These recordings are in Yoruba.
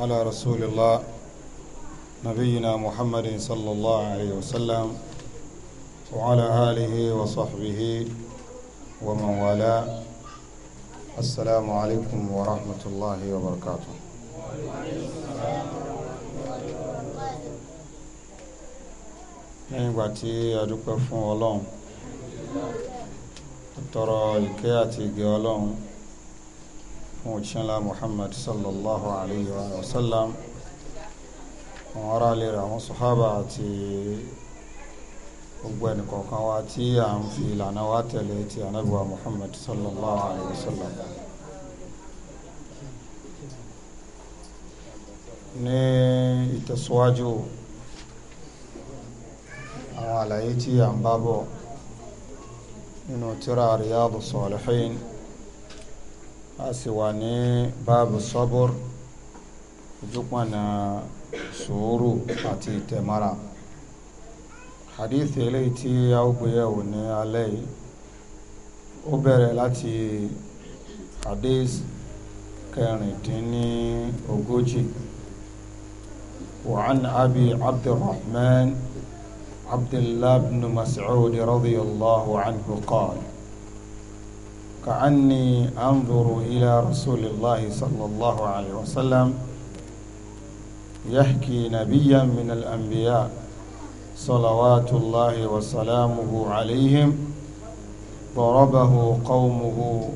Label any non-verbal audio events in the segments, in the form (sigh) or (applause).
على رسول الله نبينا محمد صلى الله عليه وسلم وعلى آله وصحبه ومن والاه السلام عليكم ورحمة الله وبركاته وعليكم السلام ورحمة الله وبركاته fún ọlọ́run tọrọ fún òṣìṣẹ́lá Muhammad sallallahu alayhi wa sallam àwọn ará ilé rẹ̀ àwọn sàhábà àti gbogbo ẹnìkọ̀ọ̀kan wa tí à ń fi ìlànà wa tẹ̀lé ti anábìwá Muhammad sallallahu alayhi wa sallam ní ìtẹ̀síwájú àwọn àlàyé tí à ń bá bọ̀ nínú tírà Riyadus Salihin a sì wà ní báàbù sọ́bùr ojúpọ̀nà sùúrù àti ìtẹ̀mára hadith eléyìí tí a ó gbé yẹ̀wò ní alẹ́ yìí ó bẹ̀rẹ̀ láti hadith kẹrìndínlógójì وعن أبي عبد الرحمن عبد الله بن مسعود رضي الله عنه قال كأني أنظر إلى رسول الله صلى الله عليه وسلم يحكي نبيا من الأنبياء صلوات الله وسلامه عليهم ضربه قومه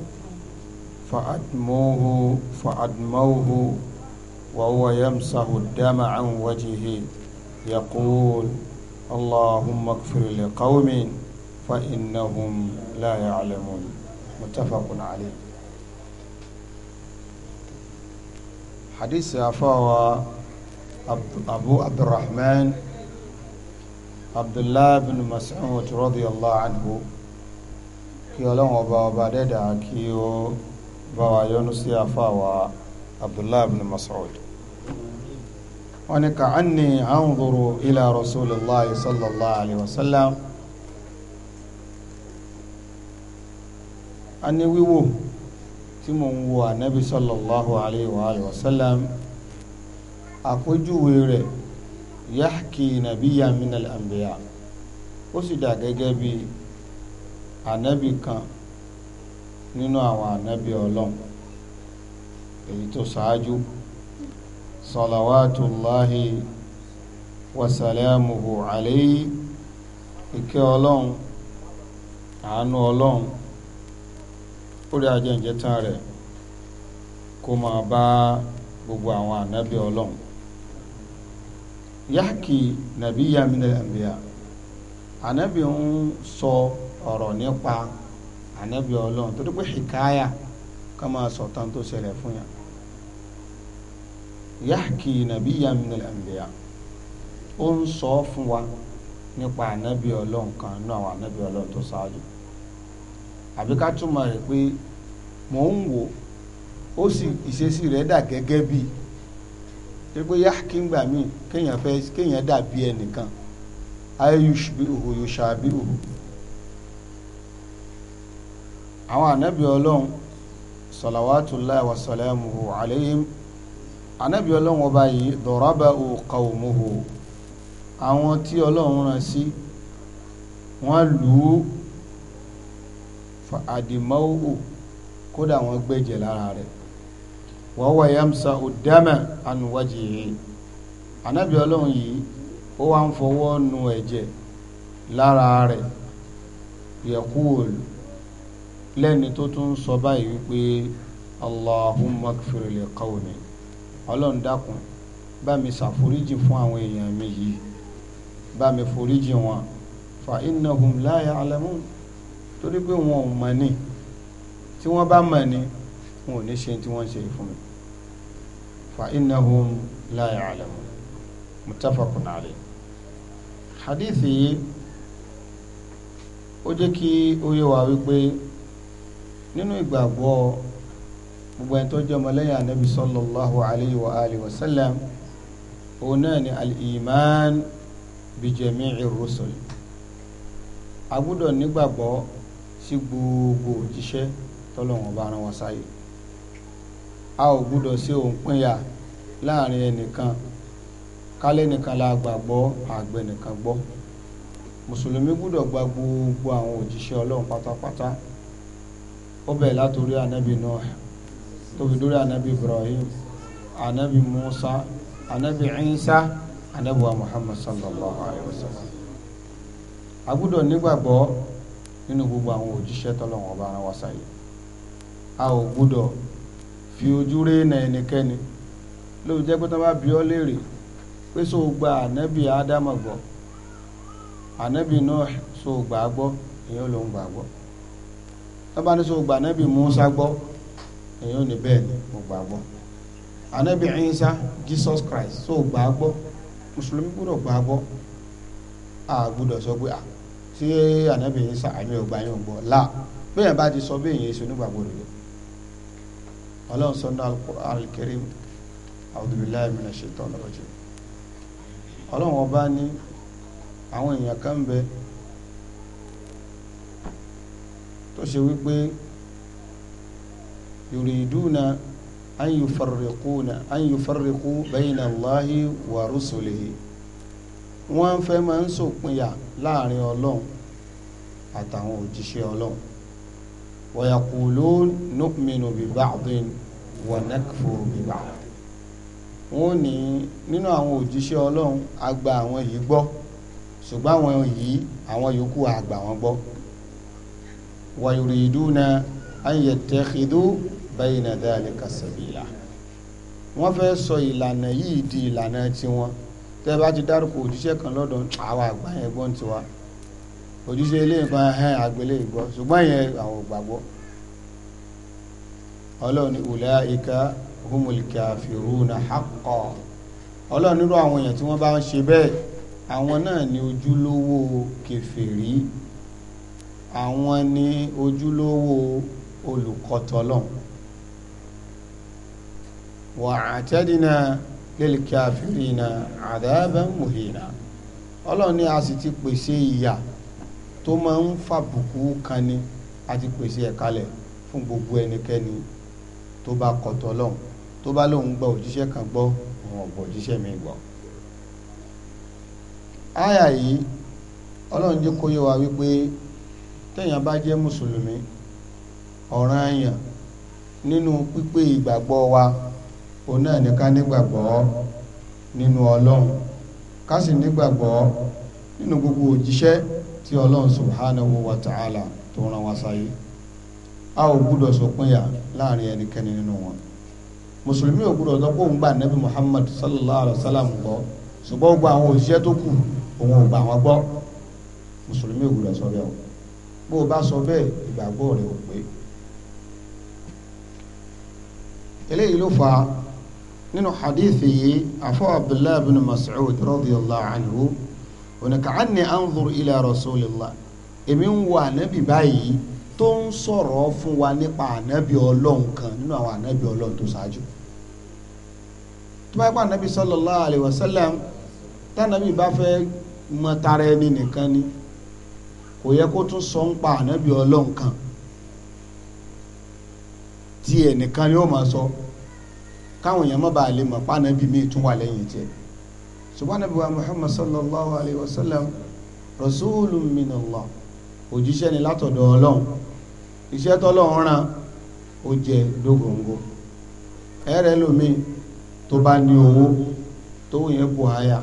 فأدموه فأدموه وهو يمسح الدم عن وجهه يقول اللهم اغفر لقوم فإنهم لا يعلمون muttafaqun alayh hadith afawa abu abdurrahman abdullah bin mas'ud radiyallahu anhu kí ọlọ́run ọba ọba dẹ́dà kí ó bá wa yọ́nú sí afawa abdullah bin mas'ud wọn ni ka'anni anzuru ila rasulillahi sallallahu alayhi wa sallam. a ní wíwò tí mo ń wo ànábi sallallahu alayhi wa alayhi wa sallam àpèjúwe rẹ̀ yahki nabiya minal anbiya ó sì dà gẹ́gẹ́ bí ànábi kan nínú àwọn ànábi ọlọ́run èyí tó ṣáájú salawatullahi wasalamuhu alayhi ìkẹ́ ọlọ́run àánú ọlọ́run orí ajẹ́njẹ́ tán rẹ̀ kó máa bá gbogbo àwọn ànábì ọlọ́run yáàkì nàbí yamina àmbíyà ànábì ń sọ ọ̀rọ̀ nípa ànábì ọlọ́run torí pé hikaya ká máa sọ̀tàn tó ṣẹlẹ̀ fún yàn yáàkì nàbí yamina àmbíyà ó ń sọ fún wa nípa ànábì ọlọ́run kan nínú àwọn ànábì ọlọ́run tó ṣáájú àbí ká túmọ̀ rẹ̀ pé mò ń wò ó sì ìṣesí rẹ̀ dà gẹ́gẹ́ bí pé yá kí n gbà mí kéèyàn fẹ́ kéèyàn dà bí ẹnìkan ayé yushbihu yushabihu àwọn ànábì ọlọ́run salawatullahi wa salamuhu alayhim ànábì ọlọ́run ọba yìí darabahu qawmuhu àwọn tí ọlọ́run rán sí wọ́n lù ú fa àdìmọ́wò kódà wọ́n gbẹ̀jẹ̀ lára rẹ̀ wọ́n wọ̀ yamsa ọ̀dẹ́mẹ̀ anuwájì yìí ànábì ọlọ́run yìí ó wá ń fọwọ́ nu ẹ̀jẹ̀ lára rẹ̀ yẹ̀kúwòl lẹ́ni tó tún sọ báyìí wípé allahumma ighfir li ọlọ́run dákun bá mi ṣàforíjì fún àwọn èèyàn mi yìí bá mi foríjì wọn fa innahum la ya'lamun torí pé wọn ò mọ̀ ni tí wọ́n bá mọ̀ ni wọn ò ní ṣe tí wọ́n ṣe fún mi fa innahum la ya'lamun muttafaqun alayh hadithi yìí ó jẹ́ kí ó yé wa wípé nínú ìgbàgbọ́ gbogbo ẹni tó jẹ́ ọmọlẹ́yìn anabi sallallahu alayhi wa alihi wa sallam òun náà ni al-iman bi jami'i rusul nígbàgbọ́ sí gbogbo òjíṣẹ́ tọ́lọ́wọ́n bá rán wọn sáyé a ò gbúdọ̀ sí òun pínyà láàrin ẹnìkan kálẹ̀ nìkan la gbàgbọ́ àgbẹ̀ nìkan gbọ́ mùsùlùmí gbúdọ̀ gba gbogbo àwọn òjíṣẹ́ ọlọ́run pátápátá ó bẹ̀ látòrí ànábì Nuh tó fi dórí ànábì Ibrahim ànábì Musa ànábì Isa ànábì wa Muhammad sallallahu alayhi wa sallam a gbúdọ̀ nígbàgbọ́ nínú gbogbo àwọn òjíṣẹ́ tọ́lọ́wọ́n ọba ara wa sáyé a ò gbúdọ̀ fi ojú rí na ẹnikẹ́ni lóbi jẹ́ pé tó bá bi ọ́ léèrè pé sọ gba ànábì ádámọ̀ gbọ́ ànábì náà sọ gbà á gbọ́ èèyàn ló ń gbà á gbọ́ tó bá ní sọ gba ànábì Mùsá gbọ́ èèyàn ò ní bẹ́ẹ̀ ni mo gbà á gbọ́ ànábì Ìsá Jesus Christ sọ gbà á gbọ́ mùsùlùmí gbúdọ̀ gbà á gbọ́ a gbúdọ̀ sọ pé ah tí ànábì yìí sàn àmì ọgbà yìí ń gbọ́ là bẹ́ẹ̀ bá ti sọ bẹ́ẹ̀ yẹn sọ nígbàgbọ́ rẹ̀ ọlọ́run sọ ní al-Qur'an al-Karim a'udhu billahi minash shaitani rajim ọlọ́run ọba ní àwọn èèyàn kan ń bẹ tó ṣe wípé yuriduna an yufarriquna an yufarriqu bayna Allahi wa rusulihi wọ́n fẹ́ máa ń ṣòpinya láàrin ọlọ́run àtàwọn òjíṣẹ́ ọlọ́run wa yaqulun nu'minu bi ba'din wa nakfuru bi ba'd wọ́n ní nínú àwọn òjíṣẹ́ ọlọ́run a gba àwọn yìí gbọ́ ṣùgbọ́n àwọn yìí àwọn yòókù a gbà wọ́n gbọ́ wa yuriduna an yattakhidhu bayna dhalika sabila wọ́n fẹ́ sọ ìlànà yìí di ìlànà tiwọn tẹ́ bá ti dárúkọ òjíṣẹ́ kan lọ́dọ̀ àwọn àgbà yẹn gbọ́n tiwa òjíṣẹ́ ilé nǹkan ẹ̀hẹ́n àgbélé ìgbọ́ ṣùgbọ́n yẹn àwọn ògbàgbọ́ ọlọ́run ní ulaika humul kafiruna haqqa ọlọ́run nírú àwọn èèyàn tí wọ́n bá ń ṣe bẹ́ẹ̀ àwọn náà ni ojúlówó kèfèrí àwọn ni ojúlówó olùkọ́tọ́lọ́n wàá tẹ́dínà lilkafirina adaban muhina ọlọ́run ni a sì ti pèsè ìyà tó máa ń fàbùkù kan ni a ti pèsè ẹ̀ kalẹ̀ fún gbogbo ẹnikẹ́ni tó bá kọ̀tọ̀ lọ́hùn tó bá lóun gba òjíṣẹ́ kan gbọ́ òun ọ̀gbọ̀ òjíṣẹ́ mi gbọ́. àyà yìí ọlọrun jẹ́ kó yé wa wípé téèyàn bá jẹ mùsùlùmí ọ̀ranyàn nínú pípé ìgbàgbọ́ wa. òun náà ní ká nígbàgbọ́ nínú ọlọ́run ká sì nígbàgbọ́ nínú gbogbo òjíṣẹ́ tí ọlọ́run subhanahu wa ta'ala tó rán wa sáyé a ò gbúdọ̀ sọpínyà láàrin ẹnikẹ́ni nínú wọn mùsùlùmí ò gbúdọ̀ sọ pé òun gba nabi muhammad sallallahu alayhi wa sallam gbọ́ ṣùgbọ́n gba àwọn òṣìṣẹ́ tó kù òun ò gbà wọ́n gbọ́ mùsùlùmí ò gbúdọ̀ sọ bẹ́ẹ̀ o bó o bá sọ bẹ́ẹ̀ ìgbàgbọ́ rẹ̀ ò pé eléyìí ló fà nínú hadithi yìí afọ abdullahi bin mas'ud radiyallahu anhu oníkàánì anzur ila rasulillah èmi ń wo ànábì báyìí tó ń sọ̀rọ̀ fún wa nípa ànábì ọlọ́run kan nínú àwọn ànábì ọlọ́run tó ṣáájú tó bá yẹ kó ànábì sallallahu alayhi wa sallam tànàbì bá fẹ́ mọ tara ẹni nìkan ni kò yẹ kó tún sọ ń pa ànábì ọlọ́run kan tí ẹnìkan yóò máa sọ. So káwọn èèyàn má baà lè mọ̀ pàánà bíi mí tún wà lẹ́yìn tiẹ̀ ṣùgbọ́n nàbí wa muhammad sallallahu alayhi wa sallam rasulun min allah òjíṣẹ́ ni látọ̀dọ̀ ọlọ́run iṣẹ́ tọ́lọ́run rán ó jẹ dógóńgó ẹ̀rẹ́ lómi tó bá ní owó tó yẹn bu àyà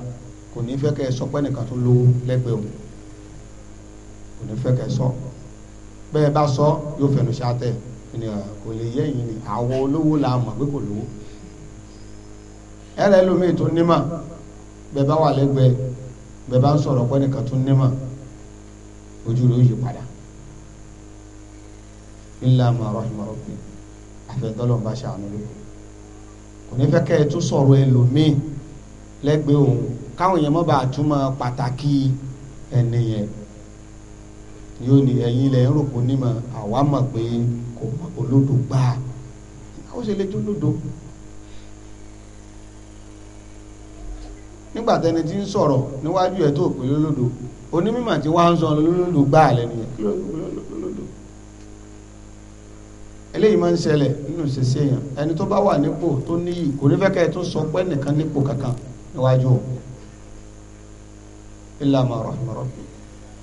kò ní fẹ́ kẹ́ ẹ sọ pé nìkan tó lówó lẹ́gbẹ̀ẹ́ òun kò ní fẹ́ kẹ́ ẹ sọ bẹ́ẹ̀ bá sọ yóò fẹnu ṣáàtẹ̀ kò lè yẹ ìyìn ni àwọn olówó la mọ̀ pé kò lówó ẹ̀rẹ́ lómi tó nímà bẹ́ẹ̀ bá wà lẹ́gbẹ̀ẹ́ bẹ́ẹ̀ bá ń tó nímà ojú rẹ̀ yí padà illa ma rahima rabbi àfẹ́tọ́lọ́ bá ṣàánú lóko kò ní fẹ́ kẹ́ ẹ tún sọ̀rọ̀ ẹ lómi lẹ́gbẹ̀ẹ́ òun káwọn èèyàn mọ́ bá túmọ̀ pàtàkì ẹni yẹn yóò ní ẹ̀yin ilẹ̀ ń rò pé onímọ̀ àwa mọ̀ pé kò mọ̀ olódò gbáà ó ṣe lè jó lódò nígbà tẹni tí ń sọ̀rọ̀ níwájú ẹ̀ tó pè lólódo onímọ̀ tí wọ́n á ń sọ lólódo gbáà lẹ́nu yẹn lólódo eléyìí máa ń ṣẹlẹ̀ nínú ìṣesí èèyàn ẹni tó bá wà nípò tó níyì kò ní fẹ́ kẹ́ ẹ tó sọ pé nìkan nípò kankan níwájú o ilà máa rọ̀ máa rọ̀ bí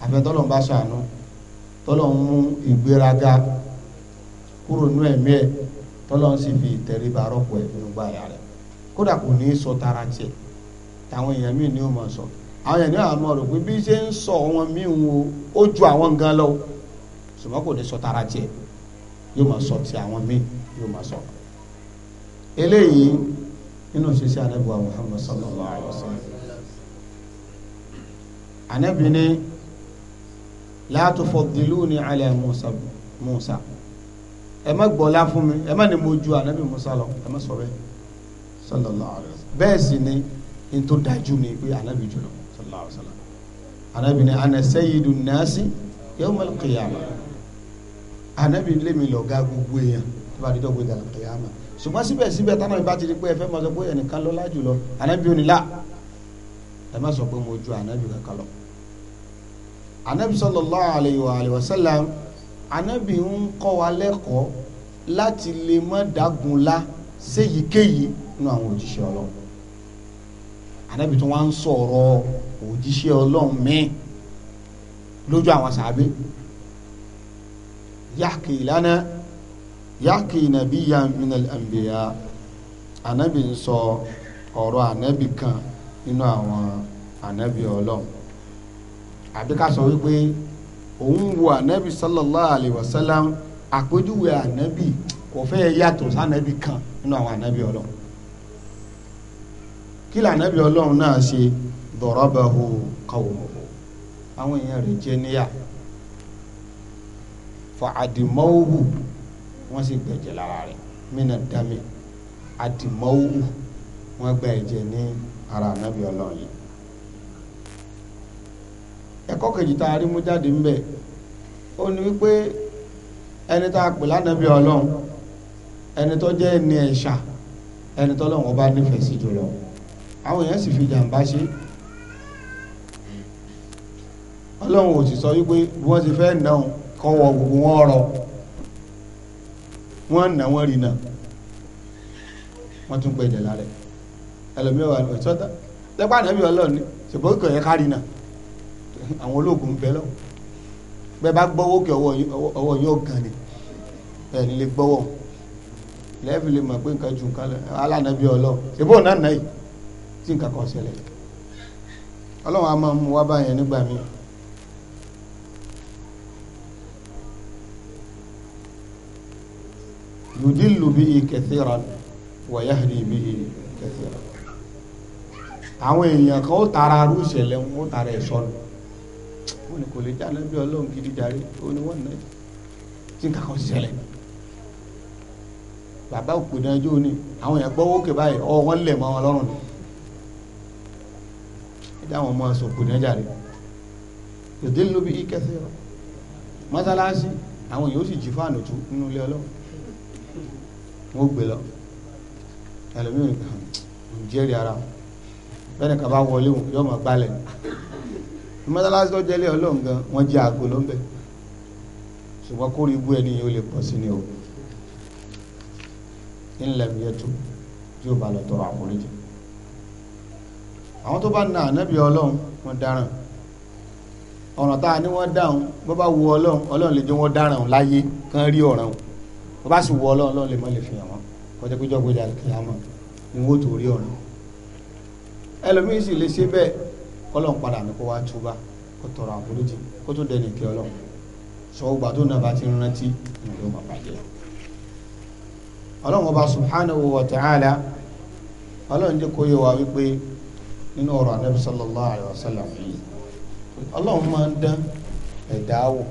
àfẹ́ tọ́lọ̀ ń bá ṣàánú tọ́lọ̀ ń mú ìgbéraga kúrò nú ẹ̀mí ẹ̀ tọ́lọ̀ ń sì fi ìtẹríba rọ́pò ẹ̀ nínú gbàyà rẹ̀ kódà kò ní í sọ tara tiẹ̀ táwọn èèyàn míì ní ó mọ̀ sọ àwọn èèyàn ní àwọn ọmọ rò pé bí ṣe ń sọ wọn míì ń wo ó ju àwọn nǹkan lọ ṣùgbọ́n kò ní sọ tara tiẹ̀ yóò mọ̀ sọ ti àwọn míì yóò mọ̀ sọ. eléyìí nínú ṣíṣe anábìwá Muhammad sallallahu alayhi wa sallam anábì ní la tufaddiluni ala Musa Musa ẹ má gbọ́lá fún mi ẹ má ní mo ju anábì Musa lọ ẹ má sọ bẹ́ẹ̀ sallallahu alayhi wa sallam bẹ́ẹ̀ sì ni n tó dájú ni pé anabi jùlọ sallallahu alayhi wa sallam anabi ni ana sayyidun nasi yawmal qiyamah anabi lèmi lọ̀gá gbogbo èèyàn tó bá dídọ̀ gbé dàgbà qiyamah ṣùgbọ́n síbẹ̀síbẹ̀ táwọn ìbá ti di pé ẹ fẹ́ máa sọ pé ẹnìkan lọ́lá jùlọ anabi ò ní la ẹ má sọ pé mo ju anabi kankan lọ anabi sallallahu alayhi wa alayhi wa anabi ń kọ́ wa lẹ́kọ̀ọ́ láti lè má dágunlá séyìíkéyìí nínú àwọn òjíṣẹ́ ọlọ́run anabi tí wọ́n ń sọ̀rọ̀ òjíṣẹ́ ọlọ́run míì lójú àwọn sàbẹ̀ yáàkì lánàá yáàkì nàbí yaminal anbiya anabi ń sọ ọ̀rọ̀ anabi kan nínú àwọn anabi ọlọ́run àbí ká sọ wípé òun wo anabi sallallahu alayhi wa sallam àpèjúwe anabi kò fẹ́ yàtọ̀ sànàbì kan nínú àwọn anabi ọlọ́run kí lànàbí ọlọ́run náà ṣe dọ̀rọ̀bàhù kàwọ̀mọ̀hù àwọn èèyàn rẹ̀ jẹ́ níyà fàdìmọ́wù wọ́n sì gbẹ̀jẹ̀ lára rẹ̀ mínà dámì àdìmọ́wù wọ́n gba ẹ̀jẹ̀ ní ara ànábì ọlọ́run yìí ẹ̀kọ́ kejì tá a rí mú jáde ń bẹ̀ ó ní wípé ẹni tá a pè lánàbì ọlọ́run ẹni tó jẹ́ ẹni ẹ̀ṣà ẹni tó lọ́wọ́ bá nífẹ̀ẹ́ sí jùlọ àwọn èèyàn sì fi jàǹbá ṣe ọlọ́run ò sì sọ wípé bí wọ́n ti fẹ́ náà kọ́wọ́ gbogbo wọn rọ wọ́n nà wọ́n rìnà wọ́n tún gbẹ̀jẹ̀ lára ẹlòmíràn wà lọ sọ́tà lẹ́pàá nàbí ọlọ́ọ̀ni ṣùgbọ́n kò yẹ ká rìnà àwọn olóògùn ń bẹ lọ́wọ́ bẹ́ẹ̀ bá gbọ́wọ́ kí ọwọ́ yóò gan ni ẹ̀ nílé gbọ́wọ́ lẹ́ẹ̀fì lè mọ̀ pé nǹkan ju nǹkan lọ alánàbí ọlọ́ọ̀ ṣùgbọ́n náà náà yìí tí nǹkan kan ṣẹlẹ̀ ọlọ́run a máa mú wá báyẹn nígbà míì yudillu bihi kathiran wa yahdi bihi kathiran àwọn èèyàn kan ó tara arú ìṣẹ̀lẹ̀ wọn ó tara ẹ̀ sọnù wọn ni kò lè já lẹ́bí ọlọ́run gidi darí òun ni wọ́n náà tí nǹkan kan ṣẹlẹ̀ bàbá òpinnu ẹjọ́ ni àwọn èèyàn gbọ́wọ́ kẹ báyìí ọwọ́ wọn lẹ̀ mọ́ wọn ni táwọn ọmọ sòkò ní ọjà rẹ ìdílé ló bí kẹsẹ ọ mọ́sálásí àwọn èèyàn ó sì jí fáànù tú nínú ilé ọlọ́run wọ́n gbé lọ ẹlòmíràn kan ń jẹ́rìí ara bẹ́ẹ̀ ká bá wọlé wọn yóò máa gbálẹ̀ mọ́sálásí tó jẹ́lé ọlọ́run gan wọ́n jẹ́ àgbo ló ń bẹ̀ ṣùgbọ́n kó rí ibú ẹni yìí lè pọ̀ sí ni o ńlẹ̀ mi yẹ tó tí ó bá lọ tọrọ àforíjì àwọn tó bá na ànábì ọlọ́run wọn dáràn ọ̀ràn tá a ní wọ́n dáhùn bó bá wu ọlọ́run ọlọ́run lè jẹ́ wọ́n dáràn ọ̀hún láyé kán rí ọ̀ràn ọ̀hún bó bá sì wu ọlọ́run ọlọ́run lè má lè fi hàn wọ́n kọjá péjọ pé ìyá mọ̀ ni wọ́n tó rí ọ̀ràn ẹlòmíì sì lè ṣe bẹ́ẹ̀ kọ́lọ́n padà ní kó wá túbá kó tọrọ àforíjì kó tó dẹni kí ọlọ́run sọ ọgbà tó subhanahu wa ta'ala ọlọ́run jẹ́ kó yẹ nínú ọ̀rọ̀ anabi sallallahu alayhi wa sallam yìí ọlọ́run máa ń dán ẹ̀dá wò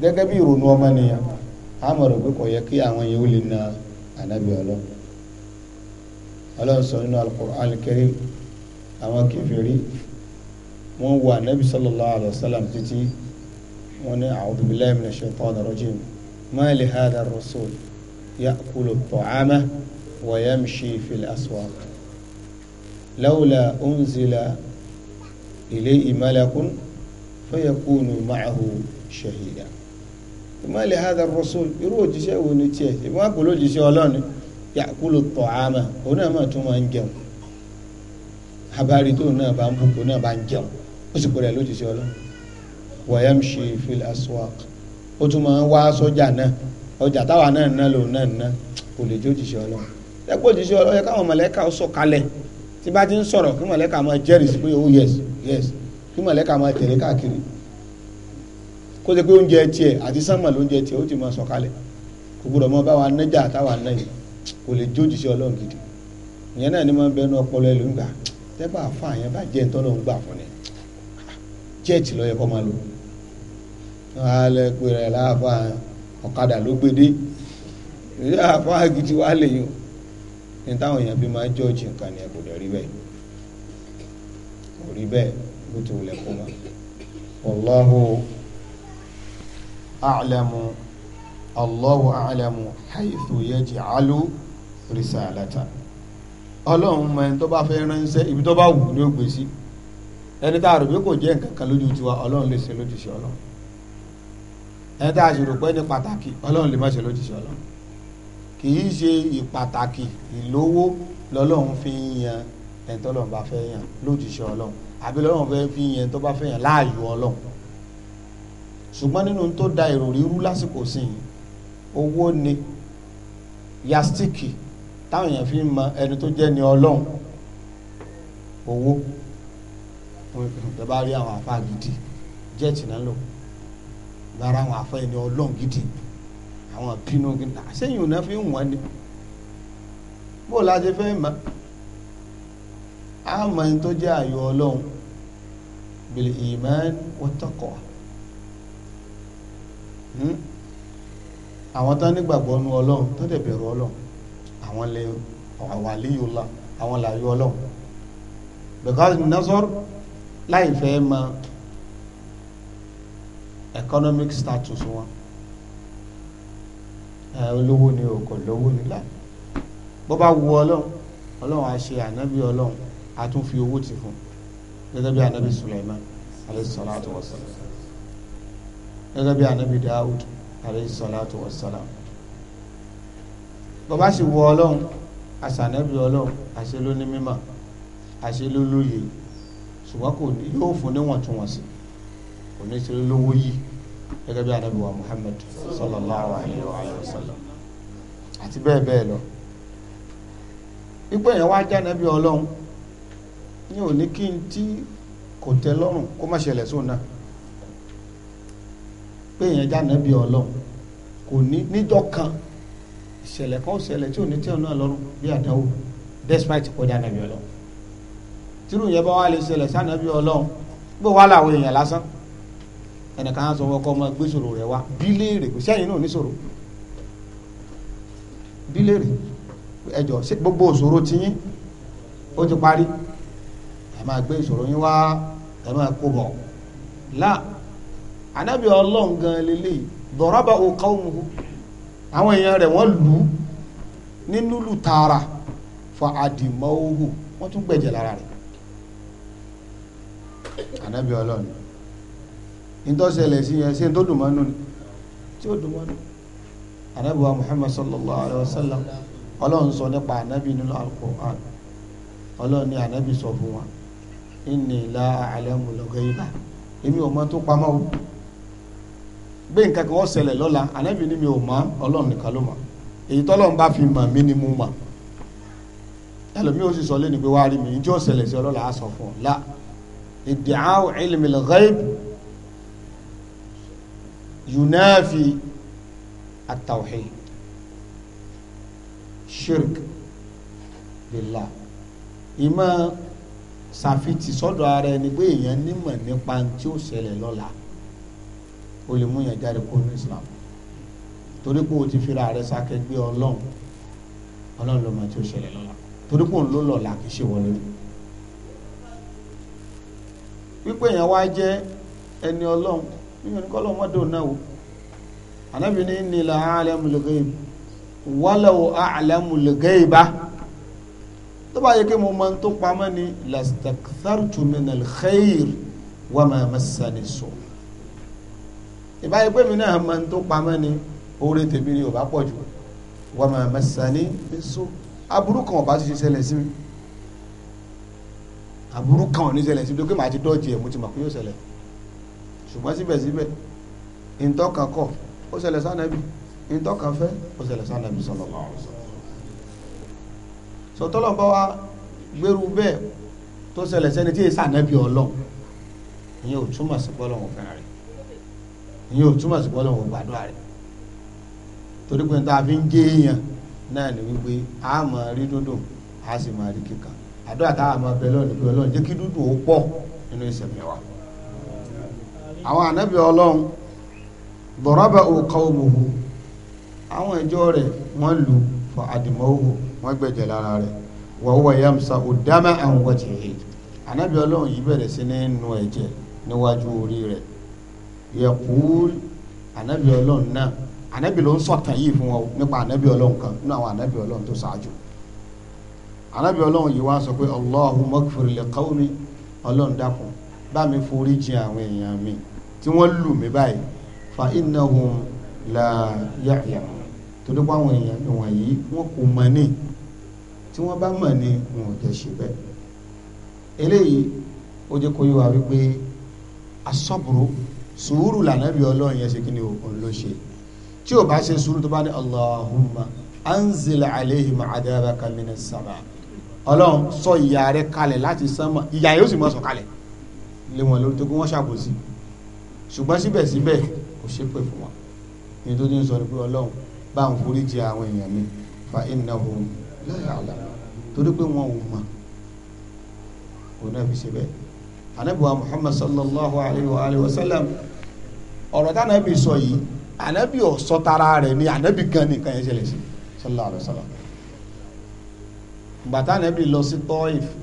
gẹ́gẹ́ bí ìrònú ọmọnìyàn a mọ̀ rẹ̀ pé kò yẹ kí àwọn yẹn ó lè na anabi ọlọ́run ọlọ́run sọ nínú al-Qur'an al àwọn kèfèrí wọ́n wo anabi sallallahu alayhi wa sallam títí wọ́n ní a'udhu billahi minash shaitanir rajim ma li hadha ar-rasul ya'kulu at-ta'ama wa yamshi fil láwùlà ounzila ilayhi malakun fayakunu ma'ahu shahida ìmọ̀lẹ̀ hadha rasul irú òjíṣẹ́ wo ni tiẹ̀ ìmọ̀ àpòlò òjíṣẹ́ ọlọ́ni yàkúlù tọ̀hámà òun náà máa tún máa ń jẹun abárí tó náà bá ń bùkún náà bá ń jẹun ó sì pèrè lójíṣẹ́ ọlọ́ni wa yamshi fil aswaq ó tún máa ń wá sọ́jà náà ọjà táwa náà ná lòun náà ná kò lè jójíṣẹ́ ọlọ́ni lẹ́pọ̀ òjíṣẹ́ ọlọ́ni káwọn mọ̀lẹ́ka ó sọ̀kalẹ̀ tí bá ti ń sọ̀rọ̀ kí mọ̀lẹ́kà máa jẹ́rìí pé oh yes yes kí mọ̀lẹ́kà máa tẹ̀lé káàkiri kó ṣe pé oúnjẹ tiẹ̀ àti sánmà lóúnjẹ tiẹ̀ ó ti máa sọ̀kalẹ̀ kò gbọdọ̀ mọ báwa nẹ́jà táwa náà yìí kò lè jójì sí ọlọ́run gidi ìyẹn náà ni máa ń bẹnu ọpọlọ ẹlòmígbà ah, tẹ́pà àfa àyàn bá jẹ́ ntọ́ lóun gbà fún ni jẹ́ẹ̀tì ló yẹ kó máa lò alẹ́ pé rẹ̀ láàfà ọ̀kadà ló gbé dé ìyá àfa gidi wà lè yìí ní táwọn èèyàn bí máa jọ́ọ̀jì nǹkan ni kò dẹ̀ rí bẹ́ẹ̀ kò rí bẹ́ẹ̀ bó ti wulẹ̀ kó ma wallahu a'lamu allahu a'lamu haythu yaj'alu risalata ọlọ́run mọ ẹni tó bá fẹ́ ránṣẹ́ ibi tó bá wù ní ògbé sí ẹni tá a rò pé kò jẹ́ nǹkan kan lójú tiwa ọlọ́run lè ṣe lójúṣe ọlọ́run ẹni tá a ṣèrò pé ní pàtàkì ọlọ́run lè má ṣe lójúṣe ọlọ́run kì í ṣe ìpàtàkì ìlówó lọ́lọ́run fi ń yan ẹni tọ́lọ́run bá fẹ́ yàn lójúṣe ọlọ́run àbí lọ́lọ́run fẹ́ fi yàn tó bá fẹ́ yàn láàyò ọlọ́run ṣùgbọ́n nínú tó da èrò rírú lásìkò sí i owó ni yastiki táwọn èèyàn fi ń mọ ẹni tó jẹ́ ni ọlọ́run owó ìjọba rí àwọn àfa gidi jẹ́ẹ̀tì náà lò lára àwọn àfa ẹni ọlọ́run gidi àwọn bínú gíga sẹ́yìn ò náà fi ń wọ́n ni bó la ṣe fẹ́ mọ́ àmọ́ tó jẹ́ àyọ̀ ọlọ́run bil iman wa taqwa hmm? àwọn tán nígbàgbọ́ nu ọlọ́run tó dẹ̀ bẹ̀rù ọlọ́run àwọn lè àwọn àlíyòlá àwọn làyò ọlọ́run because nasor láì fẹ́ mọ economic status wọn. Eh, olówó ni o kò lówó nílà bó bá wu ọlọ́run ọlọ́run á ṣe ànábì ọlọ́run á tún fi owó ti fún gẹ́gẹ́ bí ànábì Sulaiman alayhi salatu wa salam gẹ́gẹ́ bí ànábì Dawud alayhi salatu wa salam bó bá sì wu ọlọ́run àṣànábì ọlọ́run àṣẹ ló ní mímọ̀ àṣẹ ló lóye ṣùgbọ́n kò ní yóò fún níwọ̀ntúnwọ̀nsì kò ní ṣe lówó yìí gẹ́gẹ́ bí anabi wa Muhammad sallallahu alayhi wa sallam àti bẹ́ẹ̀ bẹ́ẹ̀ lọ ipò èèyàn wá jẹ́ anabi ọlọ́run ní òní kí n tí kò tẹ́ lọ́rùn kó má ṣẹlẹ̀ sóun náà pé èèyàn jẹ́ anabi ọlọ́run kò ní níjọ́ kan ìṣẹ̀lẹ̀ kan ṣẹlẹ̀ tí ò ní tẹ́wọ̀n náà lọ́rùn bí àdáwò despite kó jẹ́ anabi ọlọ́run tírù yẹn bá wà lè ṣẹlẹ̀ sí anabi ọlọ́run gbé wàhálà àwọn èèyàn lásán ẹnìkan á sọ wọ́n kọ́ ọmọ gbé sòrò rẹ̀ wá bí léèrè kò sẹ́yìn náà ní sòrò bí léèrè ẹjọ gbogbo òṣòro tiyín ó ti parí ẹ máa gbé ìṣòro yín wá ẹ máa kó bọ̀ là anábì ọlọ́run gan lélẹ̀ dọ̀rọ̀bà òkà àwọn èèyàn rẹ̀ wọ́n lù ú ní lùlù tààrà fa àdìmọ́ òhù wọ́n tún gbẹ̀jẹ̀ lára rẹ̀ anábì ọlọ́run ìtọ́sẹ̀lẹ̀ sí yẹn ṣe tó dùn mọ́nú ni tí ó dùn mọ́nú. anabi wa muhammad sallallahu alayhi wa sallam ọlọ́run sọ nípa anabi nínú al-Qur'an ọlọ́run ní anabi sọ fún wa inni la a'lamu al-ghaiba èmi ò mọ tó pamọ́ o gbé nǹkan kan wọ́n ṣẹlẹ̀ lọ́la anabi ni mi ò mọ ọlọ́run nìkan ló mọ èyí tọ́lọ́run bá fi mọ̀ mí ni mo mọ̀ ẹlòmí ó sì sọ lẹ́nu pé wàá rí mi ìjọ ṣẹlẹ̀ sí ọlọ́la á sọ fún ọ la ìdìhàn ilmi al-ghaib yunafi at-tawhid shirk billah ìmọ̀ sàfitì sọ́dọ̀ ara ẹni pé èèyàn nímọ̀ nípa tí ó ṣẹlẹ̀ lọ́la o lè mú yẹn jáde kó ní islam torí pé o ti fira rẹ sákẹgbẹ́ ọlọ́run ọlọ́run ló mọ̀ tí ó ṣẹlẹ̀ lọ́la torí pé òun ló lọ́la kì í ṣe wọlé wípé èèyàn wá jẹ́ ẹni ọlọ́run nínú oníkọ́lọ́ mọ́dọ̀ náà o ànábì ní nílà alamul ghaib walaw alamul ghaiba tó bá yẹ kí mo máa ń tó pamọ́ ni lastakthartu minal khair wa ma massani su ìbáyé pé mi náà máa ń tó pamọ́ ni oore tèmi ni ò bá pọ̀ jù wa ma massani su aburú kan ò ti ṣe ṣẹlẹ̀ sí kan ò ní ṣẹlẹ̀ sí mi tó ti dọ́ọ̀jì ẹ̀ mo ti mọ̀ pé yóò ṣẹlẹ̀ sí ṣùgbọ́n síbẹ̀síbẹ̀ ìtọ́ka kọ̀ ó ṣẹlẹ̀ sànàbì ìtọ́ka fẹ́ ó ṣẹlẹ̀ sànàbì sallallahu alaihi wasallam sọtọ́lọ̀ bá wa gbèrú bẹ́ẹ̀ tó ṣẹlẹ̀ sẹ́ni tí èsì ànábì ọlọ́run ìyẹn ò túmọ̀ sí bọ́lọ̀ wọn fẹ́ràn rẹ̀ ìyẹn ò túmọ̀ sí bọ́lọ̀ wọn gbàdúrà rẹ̀ torí pé tá a fi ń jẹ́ èèyàn náà ni wípé a máa rí dúndùn a sì máa rí kíkan àdúrà tá a máa bẹ lọ́ọ̀ nígbà ọlọ́run jẹ́ kí dúndùn ó pọ̀ nínú ìṣẹ̀mí wa àwọn ànábì ọlọ́run bọ̀rọ̀bà òkà òmùhù àwọn ìjọ rẹ̀ wọ́n lù fọ àdìmọ́wò wọ́n gbẹ̀jẹ̀ lára rẹ̀ wọ́wọ́ yamsa òdámà àwọn wọ́tí hìí ànábì ọlọ́run yìí bẹ̀rẹ̀ sí ní nu ẹ̀jẹ̀ níwájú orí rẹ̀ yẹ̀kúl ànábì ọlọ́run náà ànábì ló ń sọ̀tàn yìí fún wọn nípa ànábì ọlọ́run kan nínú àwọn ànábì ọlọ́run tó ṣáájú ànábì ọlọ́run yìí wá sọ pé ọlọ́run dákun bá mi forí jìn àwọn èèyàn mi tí wọ́n lù mí báyìí fa innahum la ya'lamun torí pé àwọn èèyàn mi wọ̀nyí wọn kò mọ̀ ní tí wọ́n bá mọ̀ ní wọn ò tẹ̀ ṣe bẹ́ẹ̀ eléyìí ó jẹ́ kó yé wa wípé asọ́bùrú sùúrù lànàbí ọlọ́run yẹn ṣe kí ni òun ló ṣe tí ò bá ṣe sùúrù tó bá ní allahumma anzil alayhim adabaka minas sama ọlọ́run sọ ìyà rẹ̀ kalẹ̀ láti sánmọ̀ ìyà yóò sì mọ̀ sọ kalẹ̀ lé wọn lórí tó kí wọ́n ṣàbòsí ṣùgbọ́n síbẹ̀síbẹ̀ kò ṣépè fún wọn ní tó ti ń sọ ní pé ọlọ́run bá ń forí jì àwọn èèyàn mi fa innahum la ya'lamun torí pé wọn ò mọ̀ kò náà fi ṣe bẹ́ẹ̀ anabiwa muhammad sallallahu alayhi wa sallam ọ̀rọ̀ tí anabi sọ yìí anabi ò tara rẹ̀ ni anabi gan nìkan yẹn ṣẹlẹ̀ sí sallallahu alayhi wa sallam bàtà anabi lọ sí tọ́ìfù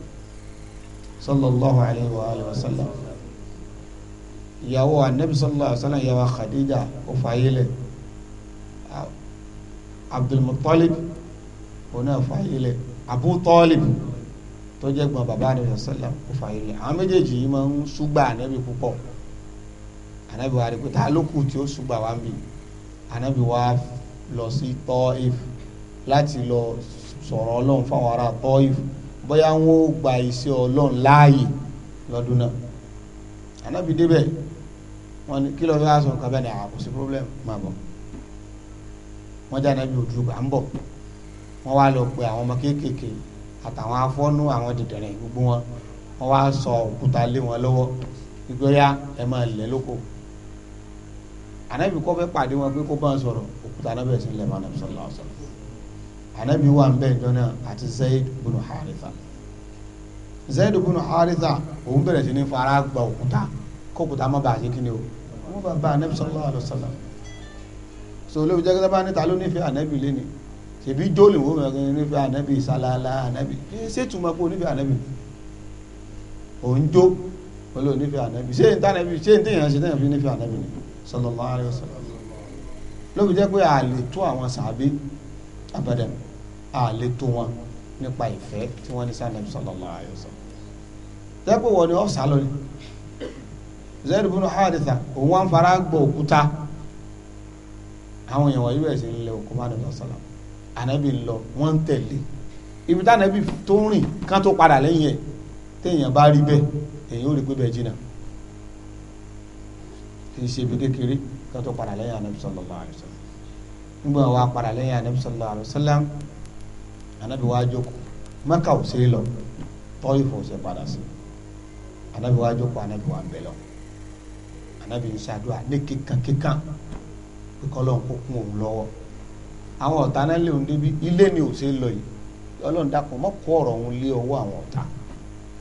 sallallahu alayhi wa alayhi wa sallam ìyàwó anabi sallallahu alayhi wa sallam ìyàwó khadija ó fààyè lẹ̀ abdulmutalib òun náà fààyè lẹ̀ abu talib tó jẹ́ gbọ́n bàbá anabi sallallahu alayhi wa sallam ó fààyè lẹ̀ àwọn méjèèjì yìí máa ń súgbà anabi púpọ̀ anabi wa rí ta ló kù tí ó súgbà wa ń bì anabi wa lọ sí Taif láti lọ sọ̀rọ̀ ọlọ́run fáwọn ará Taif. bóyá wọn ó gba iṣẹ́ ọlọ́run láàyè lọ́dún náà anábì débẹ̀ wọn ni kí lọ́ọ́ fẹ́ sọ nǹkan bẹ́ẹ̀ ni àkó ah, sí problem máa bọ̀ wọ́n jẹ́ anábì òdúró gbà ń bọ̀ wọ́n wá lọ pé àwọn ọmọ kéékèèké àtàwọn afọ́nú àwọn dìdẹ̀rẹ̀ gbogbo wọn wá sọ òkúta lé wọn ẹ máa lóko anábì kọ́ fẹ́ pàdé wọn pé kó bá ń sọ̀rọ̀ òkúta lọ́wọ́ sọ̀rọ̀ anabi wà ń bẹ́ẹ̀ jọ́nà àti Zaid bunu Haritha Zaid bunu Haritha òun bẹ̀rẹ̀ sí ní fara gba òkúta kókúta má bàa ṣe kí ni o wọ́n bá bá anabi sallallahu alaihi wasallam so olóbi jẹ́ kí ní ta ló nífẹ̀ẹ́ anabi lẹ́ni ṣèbí jóòlì wọ́n mọ̀ kí nífẹ̀ẹ́ anabi sálálá anabi ṣé túmọ̀ pé onífẹ̀ẹ́ anabi òun jó olóò nífẹ̀ẹ́ anabi ṣé ntànàbi ṣé ntẹ̀yàn ṣe tẹ̀yàn fi nífẹ̀ẹ́ anabi ni sallallahu alaihi wasallam lóbi jẹ́ pé àlè tó àwọn sàbí abadan àlétò wọn nípa ìfẹ́ tí wọ́n ní sànẹ́bí sallallahu alaihi wasallam tẹ́pẹ́ wọ́n ni ọ̀sán lórí Zaid ibn Haritha òun wọn fara gbọ́ òkúta àwọn èèyàn wọ̀nyí bẹ̀rẹ̀ sí ń lé òkú má dọ̀dọ̀ sọ̀lá ànábì ń lọ wọ́n ń tẹ̀lé ibi tá ànábì tó ń rìn kán tó padà lẹ́yìn ẹ̀ téèyàn bá rí bẹ́ẹ̀ èèyàn ò rí pé bẹ́ẹ̀ jìnnà kì í ṣe ibi kékeré kán tó padà lẹ́yìn ànábì sallallahu alaihi wasallam nígbà wọn wá padà lẹ́yìn ànábì sallallahu alaihi anabi wá joko, maka ò sí lọ tọ́yì fò ṣe padà sí anabi wá jókòó anabi wá bẹ̀ lọ anabi ń ṣàdúrà ní kíkan kíkan kíkọ́lọ́ kó kún òun àwọn ọ̀tá náà lè débi ilé ni ò sí lọ yìí ọlọ́run dàpọ̀ mọ́ kó ọ̀rọ̀ òun lé ọwọ́ àwọn ọ̀tá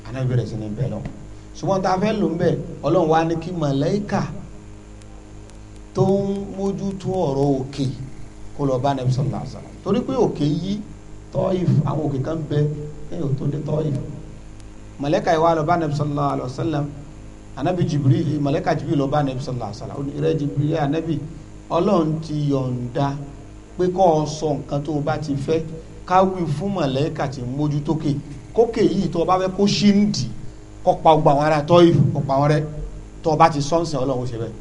anabi bẹ̀rẹ̀ sí ní bẹ̀ lọ ṣùgbọ́n tá a fẹ́ lò ń bẹ̀ ọlọ́run wá ní kí màláíkà tó ń mójútó ọ̀rọ̀ òkè kó lọ bá anabi sallallahu alaihi torí pé òkè yìí tọ́yìf àwọn òkè kan bẹ kẹ́yìn ò tó dé tọ́yìf màlẹ́kà ìwà lọ bá anabi sallallahu alayhi wa sallam anabi jibril màlẹ́kà jibril lọ bá anabi sallallahu alayhi wa sallam ó ní ìrẹ́ jibril anabi ọlọ́run ti yọ̀ǹda pé kọ́ ọ sọ nǹkan tó o bá ti fẹ́ ká wí fún màlẹ́kà tí mójútókè kókè yìí tó o bá fẹ́ kó ṣí ń dì kó pa ọgbà àwọn ará tọ́yìf kó pa wọn rẹ́ tó o bá ti sọ́ọ̀sì ọlọ́run ṣe bẹ́ẹ̀